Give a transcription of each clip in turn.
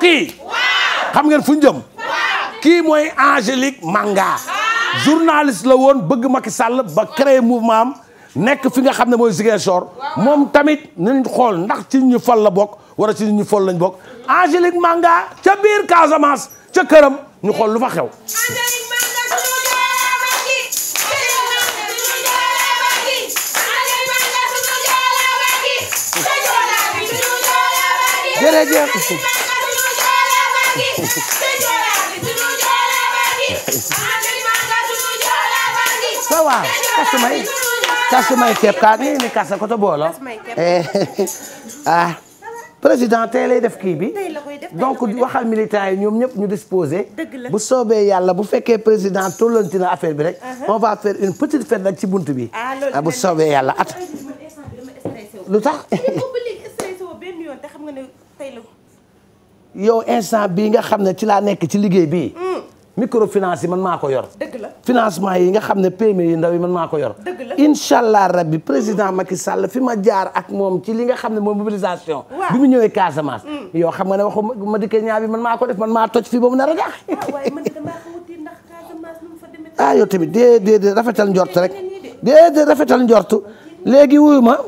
kii xam ngeen fu ñu jëm kii mooy Angélique Manga journaliste la woon bëgg Macky Sall ba créer mouvement am nekk fi nga xam ne mooy Ziguinchor moom tamit nañ xool ndax ci ñu fal la bokk wala ci ñu fol lañ bokk Angélique Manga ca biir Casamance ca këram ñu xool lu fa xew jërëjëf waaw kasumay kasumay kepp kaa nii ni kasa koto boolo ah président tey lay def kii bi donc waxal militants yi ñoom ñëpp ñu disposer bu soobee yàlla bu fekkee président tollanti na affaire bi rek uh-huh. on va faire une petite fête nag ci bunt bi ah, ah, bu soobee yàlla at lu tax yow instant bii nga xam ne ci laa nekk ci liggéey bii. Mm. microfinance yi man maa ko yor. la financement yi nga xam ne PME yi ndaw yi man maa ko yor. dëgg incha allah rabbi président Macky Sall fi ma jaar ak moom ci li nga xam ne mooy mobilisation. bi mu ñëwee Casamance. Mm. yow xam ma ne waxu Madické Niang bi man maa ko def man maa toj fii ba mu nar a jaax. Ah, ah yow tamit déedéet rafetal njort rek déedéet rafetal njort léegi wuyu ma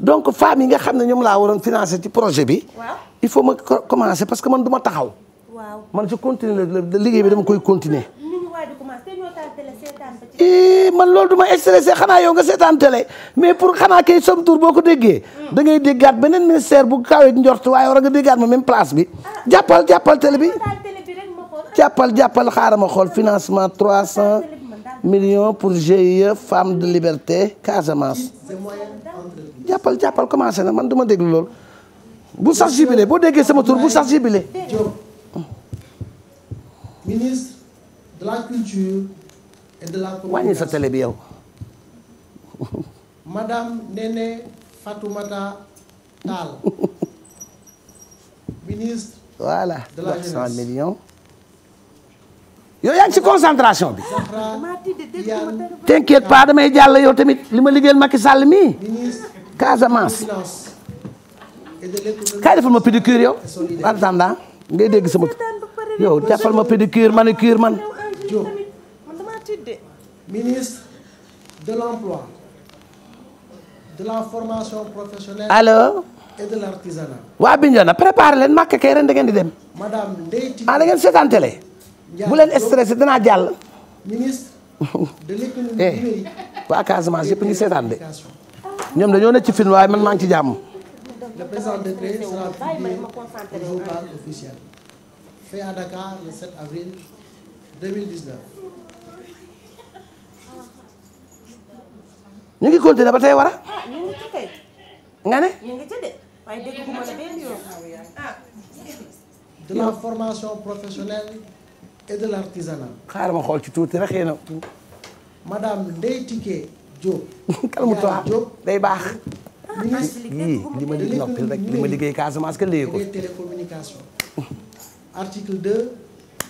donc femmes yi nga xam ne ñoom laa waroon financé ci projet bi. il faut ma commencer parce que man du taxaw. waaw man je continue la liggéey bi dama koy continuer. Eh, man loolu du ma stressé xanaa yow nga seetaan télé mais pour xanaa kay sam tour boo ko déggee. Hmm. da ngay déggaat beneen ministère bu kawe njort waaye war nga déggaat ma même place bi. Ah. jàppal jàppal télé bi. jàppal jàppal xaaral ma xool financement 300 millions pour GIE Femmes de Liberté Casamance. jàppal jàppal commencé na man du déglu loolu. bu sax jubilé boo déggee sama tur bu sax jubilé. sa télé bi yow. madame Néné Fatoumata Tall. ministre. voilà de la jeunesse 900 millions. yow yaa ngi ci concentration bi. t'inquiète pas damay jàll yow tamit li ma liggéeyal Macky Sall mii. kaay defal ma pédicure yow en attendant ngay dégg sama yow jàppal ma pédicure manucure man. Diop ministre de l'emploi formation professionnelle. allo. et de l'artisanat. waa Bignona préparé leen màkk kay ren di dem. madame Ndeye ah da ngeen seetaan télé. bu leen stressé jàll. ministre de l'économie eh, numérique. waa Casamance yëpp ngi seetaan de. ñoom dañoo ne ci film waaye man maa ngi ci jàmm. le présent décret sera publié au journal officiel. Fait à Dakar le 7 avril 2019. ñu ngi continué ba tey war a. Ah, nga ah. de la formation professionnelle et de l'artisanat. xaaral ma xool ci tuuti rek yéen a. madame Ndeye Tické Diop. calme-toi Diop day baax. yii li ma liggéey noppil Casamance que léegi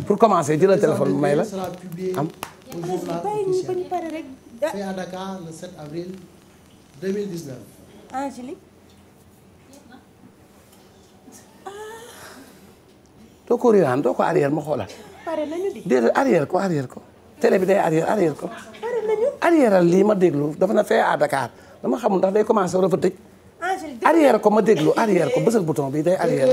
pour commencer jëlal téléphone may la am. fait à Dakar le 7 avril 2019. Angélique. Ah. doo ko réewaan doo ko arrière ma xoolal. pare nañu ko télé bi day arrière arrière ko. pare nañu. lii ma déglu dafa na fait à Dakar. dama xamul ndax day commencé war a fa tëj. Ah, arrière ko ma déglu arrière ko bësal bouton bi day arrière.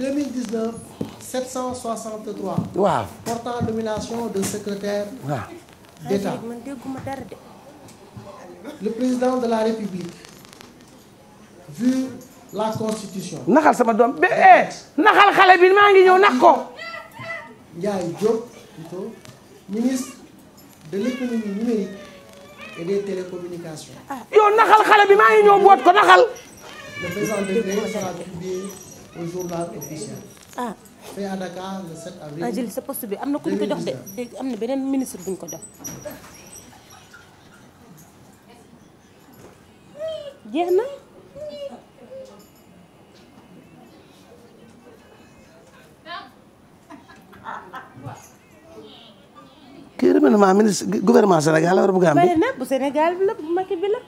2019 763. waaw portant nomination de secrétaire. waaw d'État. Ah, le président de la République vu la constitution. sama doom ba eh naxal xale bi maa ngi ñëw nax ko. et des télécommunications. Ah. yow naxal xale bi maa boot ko naxal. le présent décret sera publié ah. fait sa post bi am na ku ko jox de dégg am na beneen ministre bu ñu ko jox. jeex na. gouvernement ministre gouvernement Sénégal la war bu Gambie. bëri na bu Sénégal bi la bu Macky bi la.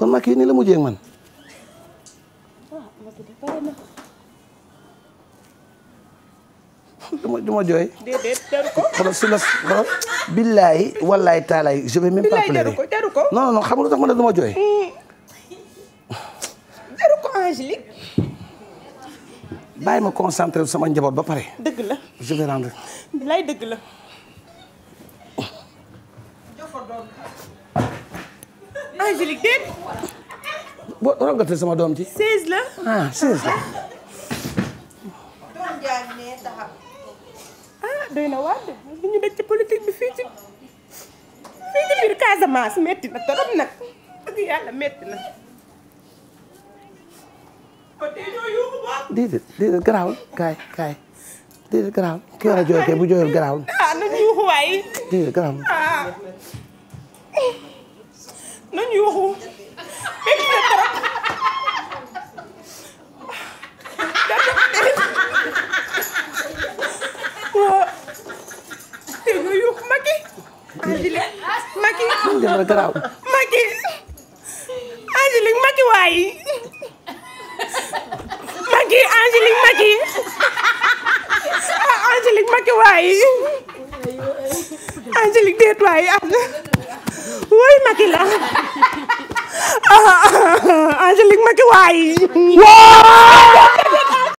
kon Macky nii la mujjee ak man. duma duma jooy. déedéet jaru ko. xoolal si la xoolal. billaay wallaay taalaay je vais même pas pleurer. billaay jaru ko non non xam nga lu tax ma ne duma jooy. jaru eh. mm. ko Angélique. bàyyi ma concentré sama njaboot ba pare. dëgg la. je vais rendre. dëgg la. Angélique déet. boo sama doom ci. 16 ah 16 ah doy na waar de li ñu daj ci politique bi fii ci fii ci biir Casamance metti na torop nag dëgg yàlla metti na. déedéet déedéet garaawul kaay déedéet garaaw ki war a jooy kay bu jooyul garaaw. ah nañu yuuxu waay. déedéet garaaw. ah nañu yuuxu. dégg nga yuuxu Macky. Macky. Angélique Macky waayi Angélique déet waayi woy Macky la ah, ah, ah, Angélique Macky waayi